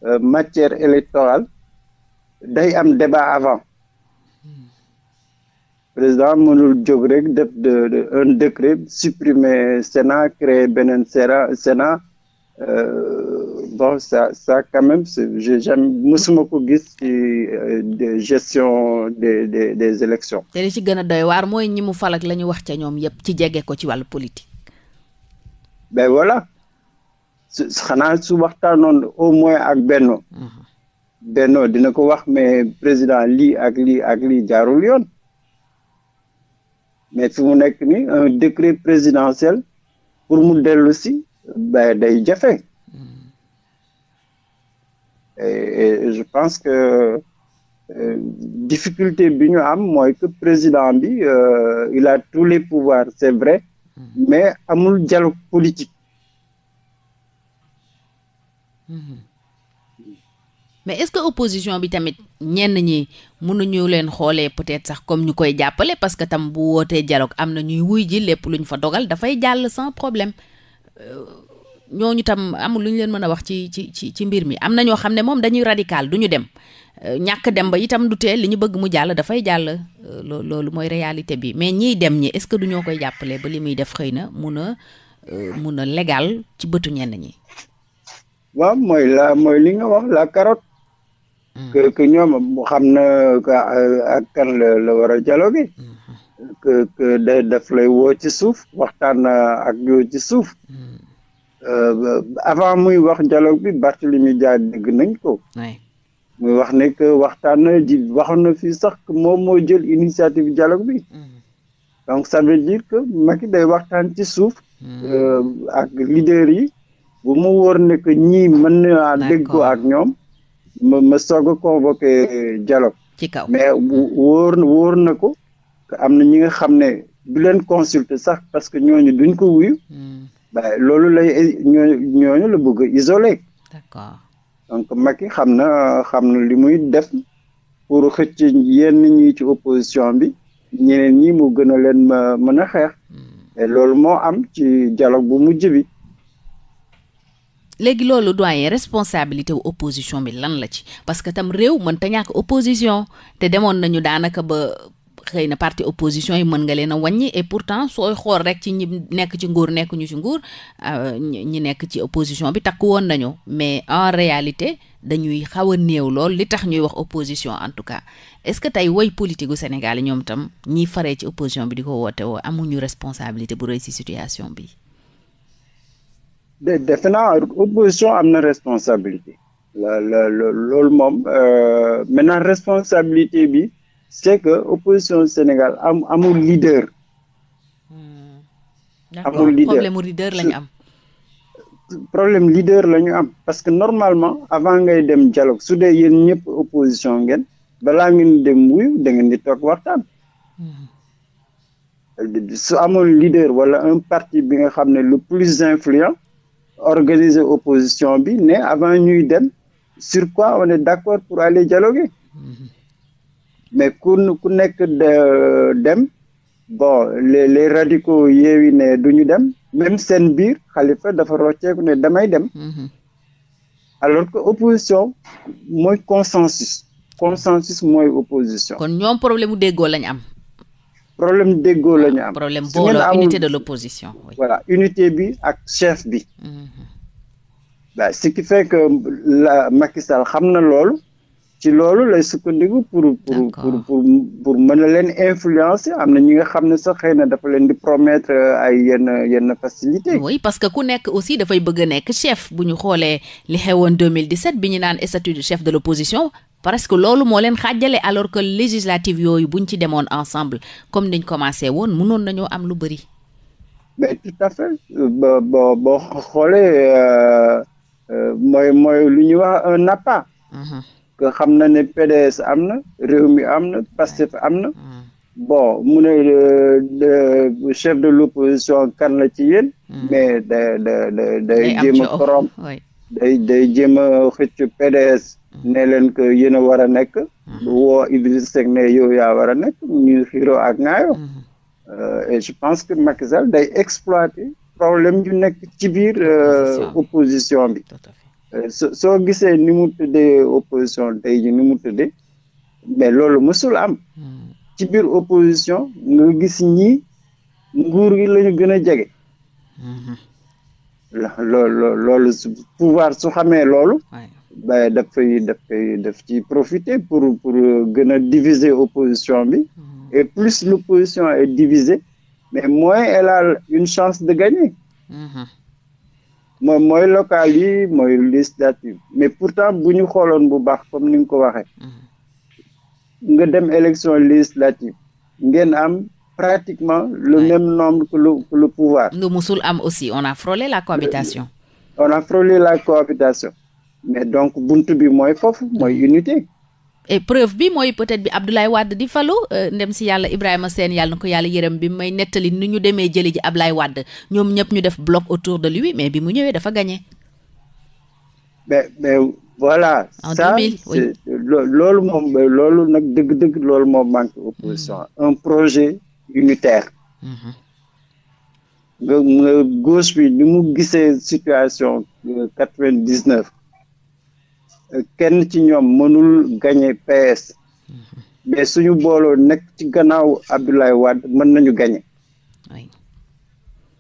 euh, matière électorale day am débat avant mm-hmm. président mënul jóg rek def de un décret supprimer Sénat créer beneen Sénat euh, bon ça ça quand même j'ai jamais mësuma ko gis euh, de gestion des des des élections te li ci gën a doy waar mooy ñi mu fal ak la ñu wax ca ñoom yépp ci jege ko ci wàllu politique ben voilà xanaa su waxtaanoon au moins ak Benno mmh. Benno dina ko wax mais président lii ak lii ak lii jaarul yoon mais fi mu nekk ni un décret présidentiel pour mu dellu si ba day jafe et je pense que euh, difficulté bi ñu am mooy que président bi euh, il a tous les pouvoirs c'est vrai mais amul dialogue politique mm-hmm. mais est-ce que opposition bi tamit ñenn ñi mënuñu leen xoolee peut-être sax comme ñu koy jàppale parce que tam bu wootee dialogue am na ñuy wuy ji lépp luñ fa dogal dafay jàll sans problème euh, ñooñu tam amul lu ñu leen mën a wax ci ci ci ci mbir mi am na ñoo xam ne moom dañuy radical du ñu dem euh, ñàkk dem ba itam du tee li ñu bëgg mu jàll dafay jàll euh, loolu mooy réalité bi mais ñiy dem ñi est-ce que du ñoo koy jàppale ba li muy def xëy na mun a mun a legal ci bëtu ñenn ñi. waaw que ñoom mu xam na euh, ak kan la la war a dialoguer que que day daf lay woo ci suuf waxtaan ak yow ci suuf euh, avant muy wax dialogue bi Barthélemy Dias dégg nañ ko muy wax ne que waxtaan na ji waxoon na fii sax moom moo jël initiative dialogue bi mm. donc ça veut dire que Macky day waxtaan ci suuf mm. euh, ak leader yi bu mu wóor ne ñii mën na déggoo ak ñoom ma ma soog a convoqué euh, dialogue. ci kaw mais wóor na wóor na ko am na ñi nga xam ne du leen consulter sax parce que ñooñu duñ ko wuyu. Hmm. loolu lay ñooñu ñooñu la bëgg a isolé. d'accord donc Macky xam na xam na li muy def pour xëcc yenn ñi ci opposition bi ñeneen ñi moo gën a leen mën a xeex. Hmm. loolu moo am ci dialogue bu mujj bi. léegi loolu doyen responsabilité wu opposition bi lan la ci parce que tam réew mën ta ñàkk opposition te demoon nañu daanaka ba xëy na parti opposition yi mën nga leen a waññi et pourtant sooy xool rek ci ñi nekk ci nguur nekk ñu ci nguur euh, ñi nekk ci opposition bi takk woon nañu mais en réalité dañuy xaw a néew lool li tax ñuy wax opposition en tout cas est-ce que tey woy politique gu Sénégal ñoom tam ñiy faree ci opposition bi di ko woote woo amuñu responsabilité bu rëy situation bi de defe naa opposition am na responsabilité la la loolu moom euh, maintenant responsabilité bi c'est que opposition Sénégal am amul leader. Hmm. amul leader problème leader lañu am. problème leader la ñu am parce que normalement avant ngay dem dialogue su dee yéen ñëpp opposition ngeen balaa ngeen dem wuyu da ngeen di toog waxtaan. Hmm. su amul leader wala un parti bi nga xam ne le plus influent organiser opposition bi ne avant ñuy dem sur quoi on est d'accord pour aller dialoguer mmh. mais ku ku nekk dem bon les radiko radicaux Yewwi ne du ñu dem même seen biir Khalifa dafa rocceeku ne damay dem alors que opposition mooy consensus consensus mooy opposition kon ñoom problème mu déggoo am problème déggoo la am. problème booloo unité de l'opposition oui. voilà unité bi ak chef bi. waaw mhm. ce qui fait que la Macky Sall xam na loolu. ci loolu lay sukkandiku pour pour pour pour pour mën a leen influencer am na ñi nga xam ne sax xëy na dafa leen di promettre euh, ay yenn yenn facilité oui parce que ku nekk aussi dafay bëgg a nekk chef bu ñu xoolee li xewoon 2017 bi ñu naan statut de chef de l'opposition parce que loolu moo leen xaajale alors que législative yooyu buñ ci demoon ensemble comme niñ commencé woon mënoon nañoo am lu bëri. mais tout à fait boo boo xoolee euh, euh, mooy mooy lu ñuy wax un appât. Mhm. xam na ne PDS am na réew mi am na Pastef am na. Mhm. bon mu ne euh, chef de l'opposition kan la ci yéen. Mhm. mais da da da day jéem a corrompre day day jéem a xëcc PDS hmm. ne leen que yéen a war a nekk hmm. woo Idriss Seck ne yow yaa war a nekk ñu xiiroo ak ŋaayoo hmm. euh, et je pense que Macky day exploiter problème yu nekk ci biir euh, opposition bi euh, so soo gisee ni mu tëddee opposition tey ji ni mu tëddee mais loolu mësul am ci biir opposition nga gis ñi nguur gi la ñu gën a jege loolu pouvoir su xamee loolu ba daf koy daf koy ci profiter pour pour euh, gën a diviser opposition bi mmh. et plus l'opposition est divisée mais moins elle a une chance de gagner mmh. mooy local yi mooy législative mais pourtant bu ñu xooloon bu baax comme ni nga ko waxee mmh. nga dem élection législative ngeen am pratiquement le ouais. même nombre que le, pouvoir. lu musul am aussi on a frôlé la cohabitation. Euh, on a frôlé la cohabitation mais donc buntu bi mooy foofu mooy unité. et preuve bi mooy peut-être bi Abdoulaye Wade di falu euh, ndem si yàlla Ibrahima seen yàlla na ko yàlla yërëm bi may nettali ni ñu demee jëli ji Abdoulaye Wade ñoom ñëpp ñu def bloc autour de lui mais bi mu ñëwee dafa gagné. mais mais voilà. en ça, loolu moom loolu nag dëgg-dëgg loolu moom manque opposition. Hmm. yu unitaire mm-hmm. nga gauche bi ni mu gisee situation euh, quatre vingt dix neuf euh, kenn ci ñoom mënul gagné PS mm-hmm. mais suñu booloo nekk ci gannaaw Abdoulaye Wade mën nañu gagné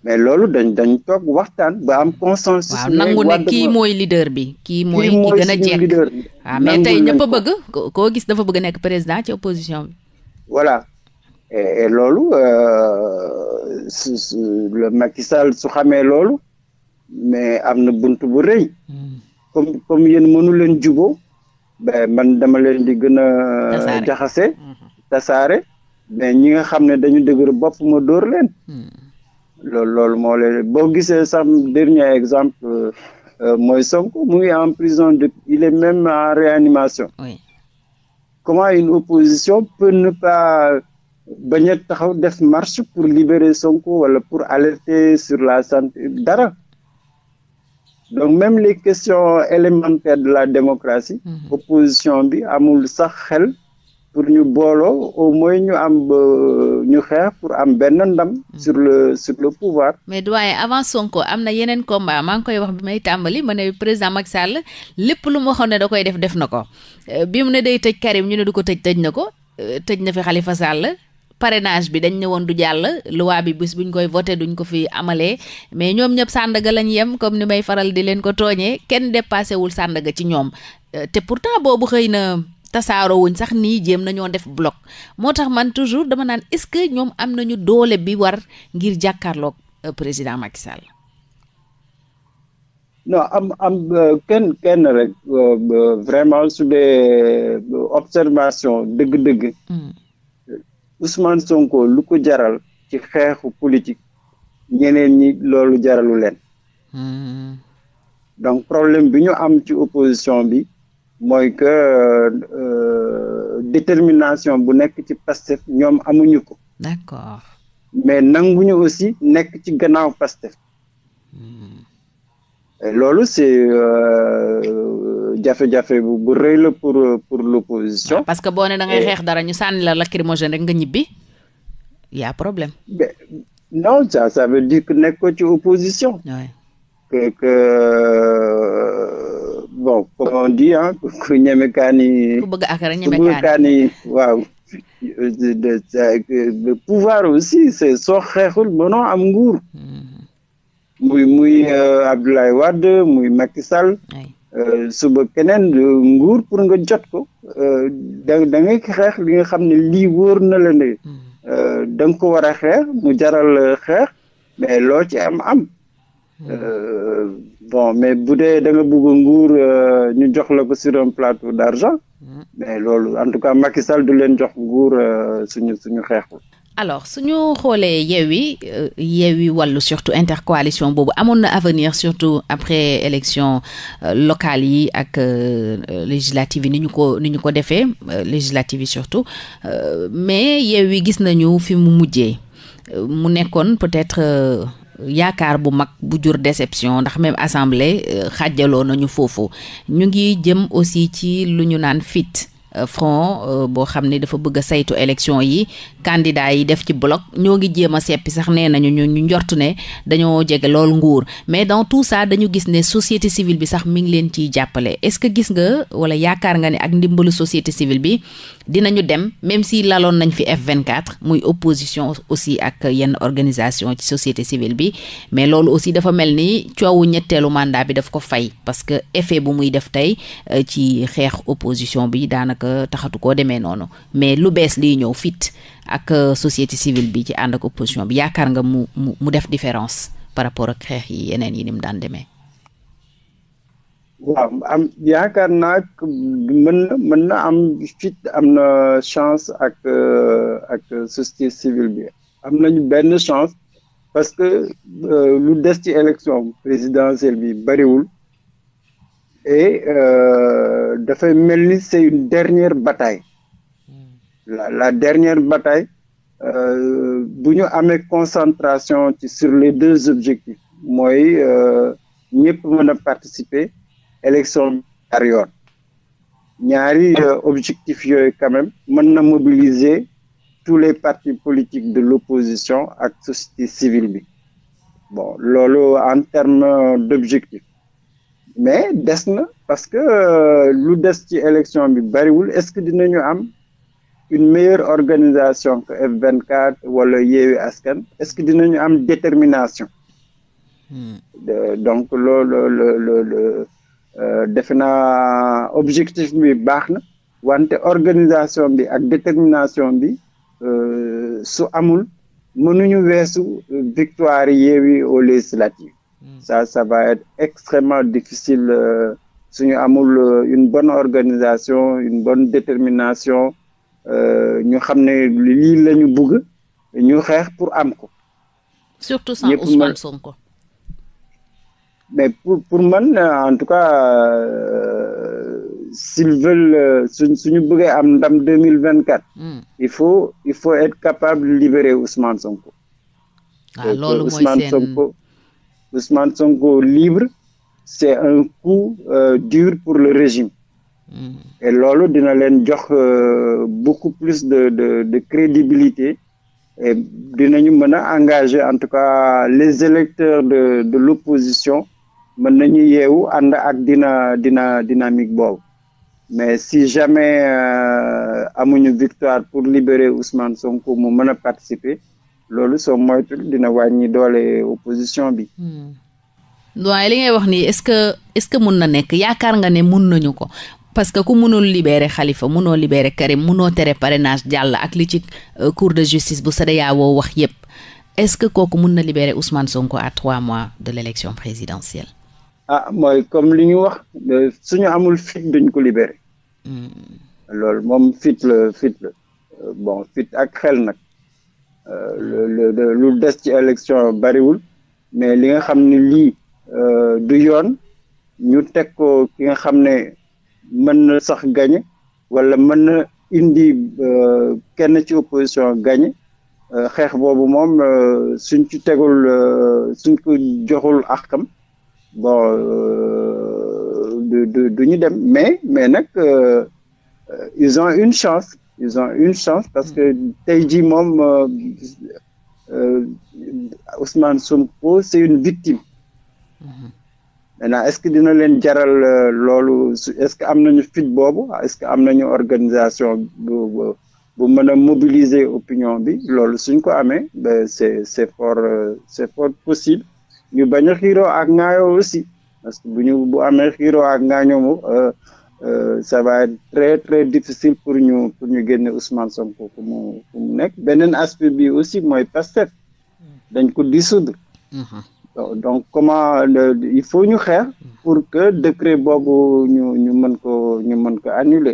mais loolu dañ dañ toog waxtaan ba am consensus. waaw nangu ne kii mooy leader bi. kii mooy ki gën a jekk waaw ah, mais tey ñëpp a bëgg koo gis dafa bëgg nekk président ci opposition bi. voilà et, e loolu su e, su le Macky su xamee loolu mais am na bunt bu rëy. Hmm. comme comme yéen mënu leen juboo ba man dama leen di gën a. jaxase hmm. tasaare. mais ñi nga xam ne dañu dëgër bopp ma dóor leen. Hmm. loolu loolu moo leen boo gisee sax dernier exemple e, mooy Sonko mu ngi en prison de il est même en réanimation. comment une opposition peut ne pas. bañ a taxaw def marche pour libérer Sonko wala pour alerter sur la santé dara donc même les questions élémentaires de la démocratie. Mhm. opposition bi amul sax xel. pour ñu booloo au moins ñu am euh, ñu xeex pour am benn ndam. Mhm. sur le sur le pouvoir. mais doyen avant Sonko am na yeneen combat maa ngi koy wax bi may tàmbali ma ne président Macky Sall lép lu mu waxoon ne da koy def def na ko euh, bi mu ne day tëj Karim ñu ne du ko tëj tëj na ko euh, tëj na fi xalifa Sall parrainage bi dañ ne woon du jàll loi bi bis buñ koy voté duñ ko fi amalee mais ñoom ñëpp sàndaga lañ yem comme ni may faral di leen ko tooñee kenn dépassé wul Sandaga ci ñoom euh, te pourtant boobu xëy na tasaaroo wuñ sax nii jéem nañoo def bloc moo tax man toujours dama naan est-ce que ñoom am nañu doole bi war ngir jàkkaarloog euh, président Macky Sall. am am euh, kenn kenn rek vraiment su dee observation dëgg-dëgg. Hmm. Ousmane Sonko lu ko jaral ci xeexu politique ñeneen ñi loolu jaralu leen. Hmm. donc problème bi ñu am ci opposition bi mooy que euh, détermination bu nekk ci Pastef ñoom amuñu ko. d'accord mais nanguñu aussi nekk ci gannaaw Pastef. Hmm. loolu c'est euh, jafe-jafe bu bu rëy la pour pour l'opposition parce que boo ne da ngay xeex dara ñu sànni la lacrymogène rek nga ñibbi y a problème. non ça ça veut dire que nekk ko ci opposition. Ouais. que que euh, bon comme on dit ah ku ñeme kaani. ku bëgg akara ñeme kaani waaw. le pouvoir aussi c'est soo xeexul mënoo am nguur. Hmm. muy muy eh. euh, Abdoulaye wad muy Macky Sall. Euh, suba keneen euh, nguur pour nga jot ko. da da ngay xeex li nga xam ne lii wóor na la ne. Hmm. da nga ko war a xeex mu jaral xeex mais loo ci am am. Hmm. bon mais bu dee da nga bëgg nguur ñu jox la ko sur un plateau d'argent. Hmm. mais loolu en tout cas Macky Sall du leen jox nguur suñu suñu xeexul. alors suñu xoolee yi Yewwi euh, Yewwi Wallu surtout intercoalition boobu amoon na avenir surtout après élection euh, locale yi ak euh, législative yi ni ñu ko ni ñu ko defee législative yi surtout mais yi gis nañu fi mu mujjee mu nekkoon peut-être yaakaar bu mag bu jur déception ndax même assemblée xaajaloo nañu foofu ñu ngi jëm aussi ci lu ñu naan fit Euh, front euh, boo xam ne dafa bëgg saytu élection yi candidat yi def ci bloc ñoo ngi jéem a seppi sax nee nañu ñu ñu njort ne dañoo jege lool nguur mais dans tout ça dañu gis ne société civile bi sax mi ngi leen ciy jàppale est-ce que gis nga wala yaakaar nga ne ak ndimbalu société civile bi dinañu dem même si laloon nañ fi F24 muy opposition aussi ak yenn organisation ci société civile bi mais loolu aussi dafa mel ni coowu ñetteelu mandat bi daf ko fay parce que effet bu muy def tey euh, ci xeex opposition bi daanaka daanaka taxatu koo demee noonu mais lu bees lii ñëw fit ak euh, société civile bi ci ànd ak opposition bi yaakaar nga mu mu def différence par rapport ak xeex yi yeneen yi ni daan demee. waaw yaakaar naa mën na mën na am fit am na chance ak euh, ak société civile bi am nañu benn chance parce que euh, lu des ci élection présidentielle bi bariwul et euh, dafay mel ni c'est une dernière bataille hmm. la la dernière bataille euh, bu ñu amee concentration ci sur les deux objectifs mooy euh, ñëpp mën a participer élection ar yoon ñaari objectif yooyu quand même mën na mobiliser tous les partis politiques de l'opposition ak société civile bi bon loolu en termes d'objectif mais des na parce que euh, lu des ci élection bi bariwul est-ce que dinañu am une meilleure organisation que F24 wala Yewwi Askan est-ce que dinañu am détermination. Hmm. donc loo le le euh, defe naa objectif bi baax na wante organisation bi ak détermination bi euh, su amul mënuñu weesu victoire Yewwi aux législatives Mm. ça ça va être extrêmement difficile euh, suñu amul euh, une bonne organisation une bonne détermination euh, ñu xam ne li la ñu bëgg ñu xeex pour am ko. surtout sans mais pour pour man en tout cas s'ils veulent suñ suñu bëggee am ndam deux mille vingt quatre. Mm. il faut il faut être capable de libérer Ousmane Sonko. waaw ah, Sonko. Ousmane Sonko libre c'est un coup euh, dur pour le régime mmh. loolu dina leen jox euh, beaucoup plus de de de crédibilité et dinañu mën a engager en tout cas les électeurs de de l'opposition mën nañu yeewu ànd ak dina dina dinamique boobu mais si jamais euh, amuñu victoire pour libérer Ousmane Sonko mu mën a participer loolu soo moytul dina wàññi doole opposition bi. Hmm. waaye li ngay wax nii est-ce que est-ce que mun na nekk yaakaar nga ne mun nañu ko parce que ku munul libérer xalifa munoo libérer Karim munoo tere parrainage jàll ak li ci euh, cour de justice bu CEDEAO wax yépp est-ce que kooku mun na libérer Ousmane Sonko à trois mois de l'élection présidentielle. ah mooy comme li ñu wax suñu amul fit duñ ko libérer. Hmm. loolu moom fit la fit la euh, bon fit ak xel nag. Euh, lu des ci élection bariwul mais li nga xam ne lii euh, du yoon ñu teg ko ki nga xam ne mën na sax gañe wala mën na indi euh, kenn ci opposition gañe xeex boobu moom suñ ci tegul suñ ko joxul àqam bon du du ñu dem mais mais nag ils ont une chance ils ont une chance parce que tey jii moom euh, euh, Ousmane Sonko c'est une victime mhm. maintenant est-ce que dina leen jaral euh, loolu est-ce que am nañu fit boobu est-ce que am nañu organisation bu bu mën a mobiliser opinion bi loolu suñ ko amee ba c'est c'est fort c'est possible ñu bañ a xiiroo ak ŋaayoo amee xiiroo ak ŋaañoo Euh, ça va être très très difficile pour ñu pour ñu génne Ousmane Sonko fu mu nekk beneen aspect bi aussi mooy Pastef dañ ko dissoudre mhm. donc comment il faut ñu xeex pour que décret boobu ñu mën ko ñu mën ko ñu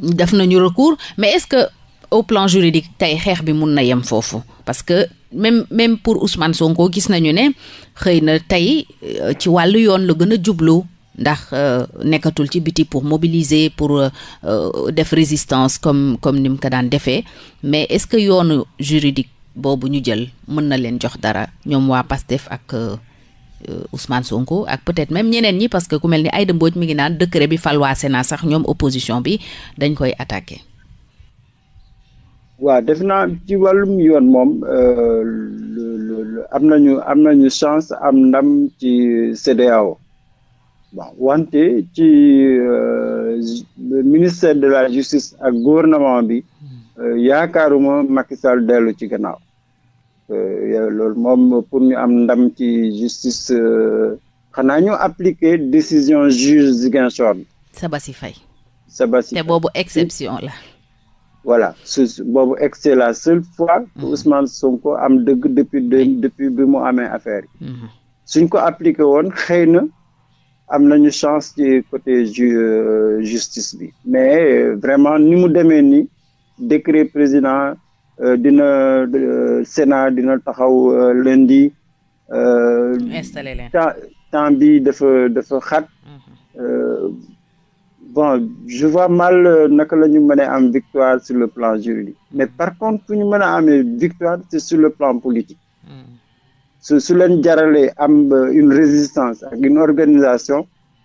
def nañu recours mais est-ce que au plan juridique tey xeex bi mun na yem foofu parce que même même pour Ousmane Sonko gis nañu ne xëy na tey euh, ci wàllu yoon la gën a jublu ndax euh, nekkatul ci biti pour mobiliser pour euh, euh, def résistance comme comme ni mu ko daan defee mais est-ce que yoonu juridique boobu ñu jël mën na leen jox dara ñoom waa PASTEF ak Ousmane Sonko ak peut-être même ñeneen ñi parce que ku mel ni Aïda Mbodj mi ngi naan décret bi fal naa sax ñoom opposition bi dañ koy attaque waaw def naa ci wàllum yoon moom am nañu am nañu chance am ndam ci CEDEAO bon wante ci euh, ministère de la justice ak gouvernement bi euh, yaakaaruma Macky dellu ci gannaaw euh, loolu moom pour ñu am ndam ci justice xanaa ñu appliquer décision juge Ziguinchor bi Sabassi Faye Sabassi te boobu exception la voilà boobu c'est la seule fois que mm-hmm. Ousmane Sonko am dëgg depuis depuis bi mu amee affaire yi mm-hmm. suñ ko appliqué woon xëy am nañu chance ci côté ju euh, justice bi mais euh, vraiment ni mu demee ni décret président euh, dina Sénat dina taxaw lundi. installé leen temps temps bi dafa dafa xat. Mhm. bon je vois mal naka la ñu mën a am victoire sur le plan juridique mais par contre fu ñu mën a amee victoire c'est sur le plan politique. su su leen jaralee am euh, une résistance ak une organisation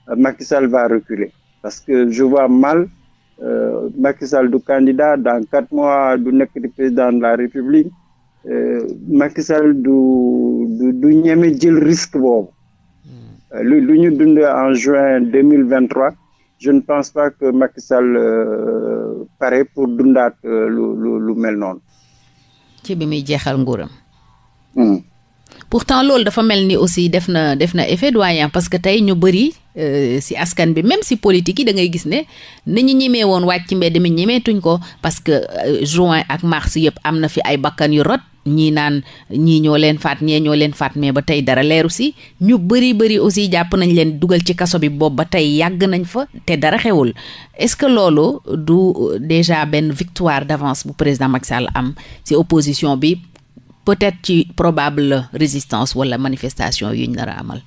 euh, Macky va reculer parce que je vois mal euh, Macky Sall du candidat dans quatre mois du nekk di président de la République euh, Macky Sall du du ñeme jël risque boobu hmm. euh, lu lu ñu dund en juin deux mille vingt trois je ne pense pas que Macky Sall pour dundaat lu mel noonu. pourtant loolu dafa mel ni aussi def na def na effet doyen parce que tey ñu bëri euh, si askan bi même si politique yi dangay gis ne ni ñu ñemee woon wàcc ci mbedd mi ñemeetuñ ko parce que euh, juin ak mars yëpp am na fi ay bakkan yu rot ñii naan ñii ñoo leen faat ñee ñoo leen faat mais ba tey dara leeru si ñu bëri bëri aussi jàpp nañ leen dugal ci kaso bi boobu ba tey yàgg nañ fa te dara xewul est-ce que loolu du déjà benn victoire d'avance bu président Macky Sall am si opposition bi peut-être ci probable résistance wala manifestation yi ñu nar a amal.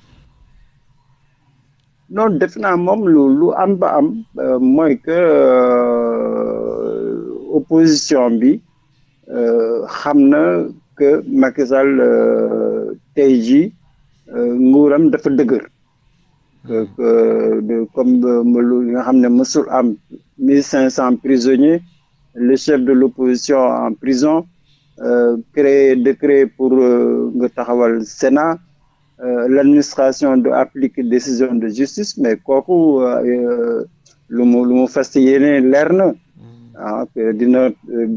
non def naa moom lu lu am ba am euh, mooy que euh, opposition bi euh, xam na que Macky Sall tey jii nguuram dafa dëgër. que comme lu nga xam ne mësul am mille cinq cent prisonniers le chef de l'opposition en prison. Euh, créer décret pour euh, nga taxawal Sénat euh, l'administration de appliquer décision de justice mais kooku lu mu lu mu fas yéene leer na mm. ah dina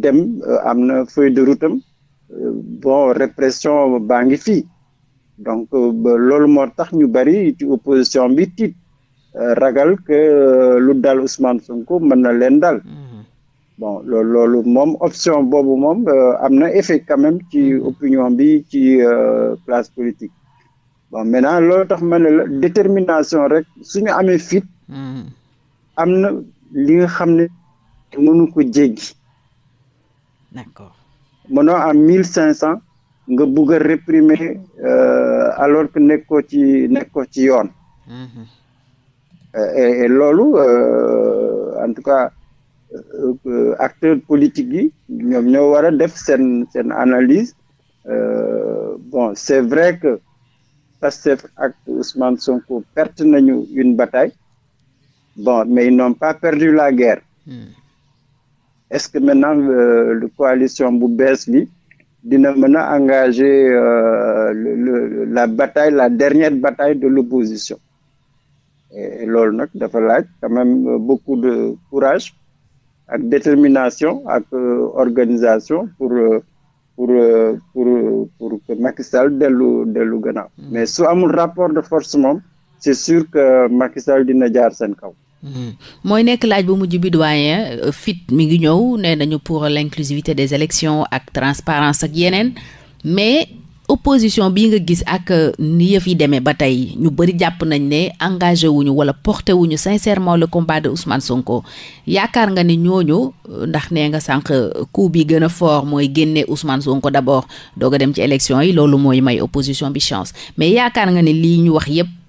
dem am na feuille de route am bon répression baa ngi fii donc loolu moo tax ñu bari ci opposition bi tiit ragal que lu dal Ousmane Sonko mën na leen dal. Mm. bon loolu loolu moom option boobu moom euh, am na effet même ci mm-hmm. opinion bi ci classe euh, politique bon maintenant loolu tax ma ne la détermination rek suñu amee fit mm-hmm. am na li nga xam ne mënu ko jéggi d'accord mënoo am mille cinq cent nga bugg a réprimer euh, alors que nekkoo ci nekkoo ci yoon mm-hmm. loolu en tout cas Euh, acteurs politiques yi ñoom ñoo war a def seen seen analyse euh, bon c'est vrai que Pastef ak Ousmane Sonko perte nañu une bataille bon mais ils n'ont pas perdu la guerre hmm. est-ce que maintenant le, le coalition bu bees bi dina mën a engager euh, le, le, la bataille la dernière bataille de l'opposition et, et loolu nag dafa laaj quand même beaucoup de courage ak détermination ak euh, organisation pour euh, pour euh, pour pour que Macky Sall dellu dellu gannaaw. Hmm. mais su amul rapport de force moom c'est sur que Macky Sall dina jaar seen kaw. Hmm. mooy nekk laaj bu mujj bi doyen fit mi ngi ñëw nee nañu pour l'inclusivité des élections ak transparence ak yeneen mais. opposition bi nga gis ak euh, ni yëf yi demee ba tey ñu bëri jàpp nañ ne engagé wuñu wala porté wuñu sincèrement le combat de Ousmane Sonko yaakaar nga ni ñooñu euh, ndax nee nga sànq euh, coup bi gën a fort mooy génne Ousmane Sonko d'abord doog a dem ci élection yi loolu mooy may opposition bi chance mais yaakaar nga ni lii ñu wax yëpp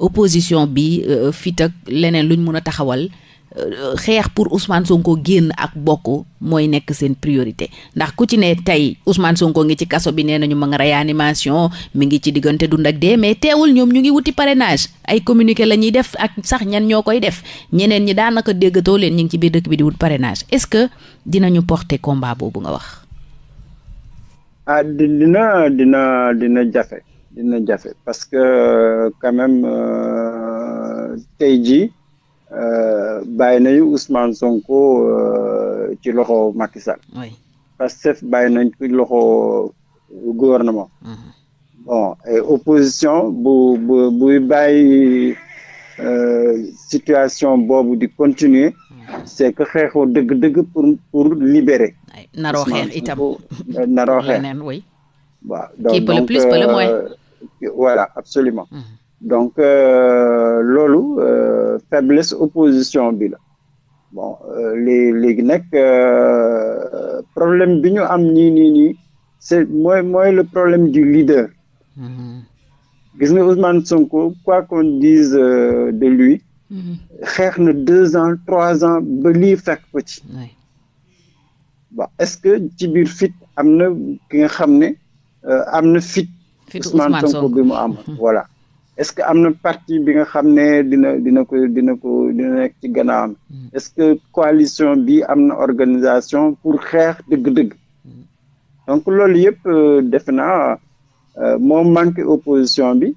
opposition bi euh, euh, fit ak leneen luñ mun a taxawal euh, xeex pour Ousmane Sonko génn ak bokk mooy nekk seen priorité ndax ku ci ne tey Ousmane Sonko ngi ci kaso bi nee nañu ma nga réanimation mi ngi ci diggante dund ak dee mais teewul ñoom ñu ngi wuti parrainage ay communiqué la ñuy def ak sax ñan ñoo koy def ñeneen ñi daanaka déggatoo leen ñu ngi ci biir dëkk bi di wut parrainage est-ce que dinañu porter combat boobu nga wax. Ah, dina dina dina jafe. na jafe parce que euh, quand même euh, tey jii euh, bàyyi nañu Ousmane Sonko ci loxo Macky Sall. oui Pastef bàyyi nañ ci loxo gouvernement. Mhm. bon opposition bu bu buy bàyyi situation boobu di continuer. Mhm. c'est que xeexoo dëgg-dëgg pour pour libérer. xeex itam naroo donc voilà absolument mm donc euh, loolu euh, faiblesse opposition bi la bon euh, les léegi nag euh, problème bi ñu am nii ni nii c'est mooy mooy le problème du leader mhm. gis nga Ousmane Sonko quoi qu'on dise euh, de lui mhm. xeex na deux ans trois ans ba lii fekk ko est-ce que ci biir fit am na ki nga xam ne am na fit Ousmane Sonko bi mu am mhm. voilà est-ce que am na parti bi nga xam ne dina dina ko dina ko dina nekk ci gannaawam mhm. est-ce que coalition bi am na organisation pour xeex dëgg-dëgg mhm. donc loolu yëpp euh, defe naa euh, moo manqué opposition bi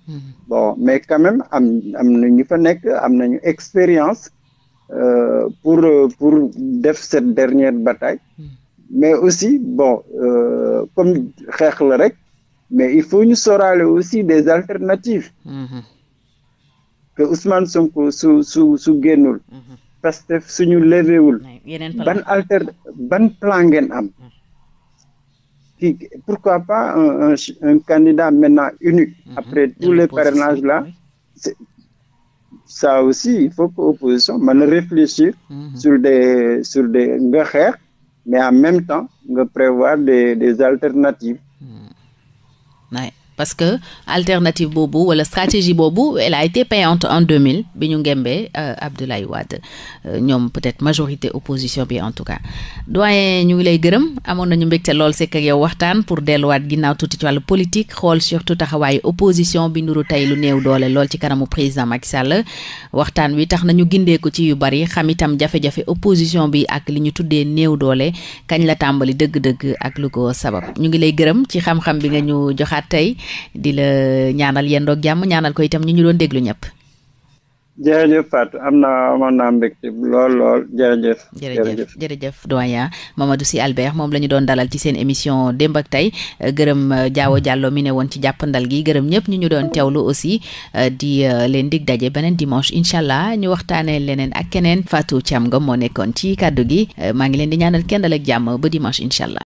bon mais quand même am am na ñu fa nekk am nañu expérience euh, pour pour def cette dernière bataille mais aussi bon comme xeex la rek mais il faut ñu sóoraale aussi des alternatives mm-hmm. que Ousmane Sonko su su su génnul mm-hmm. Pastef suñu levéwul ban alter ban plan ngeen am mm-hmm. qui pourquoi pas un, un un candidat maintenant unique après tous les parrainages là ça aussi il faut que opposition mën a réfléchir sur des sur des nga xeex mais en même temps nga prévoir des des alternatives Nee. parce que alternative boobu wala stratégie boobu elle a été payante en bi ñu ngembee euh, Abdoulaye Wade euh, ñoom peut-être majorité opposition bi en tout cas doyen ñu ngi lay gërëm amoon nañu mbégte lool sekk ak yow waxtaan pour delluwaat ginnaaw tuuti ci wàllu politique xool surtout taxawaayu opposition bi nuru tey lu néew doole lool ci kanamu président Macky Sall waxtaan wi tax nañu gindee ko ci yu bari xam itam jafe-jafe opposition bi ak li ñu tuddee néew doole kañ la tàmbali dëgg-dëgg ak lu di la ñaanal yéen doog jàmm ñaanal ko itam ñu ñu doon déglu ñëpp. jërëjëf Fatou am naa amoon naa mbégte lool lool jërëjëf. Albert moom la ñu doon dalal ci seen émission démb ak tey gërëm euh, Diawo Diallo mi ne woon ci jàppandal gi gërëm ñëpp ñu ñu doon teewlu aussi euh, di euh, leen dig daje beneen dimanche incha allah ñu waxtaanee leneen ak keneen Fatou Thiam Ngom moo nekkoon ci kàddu gi maa ngi leen di ñaanal kenn dal jàmm ba dimanche incha allah.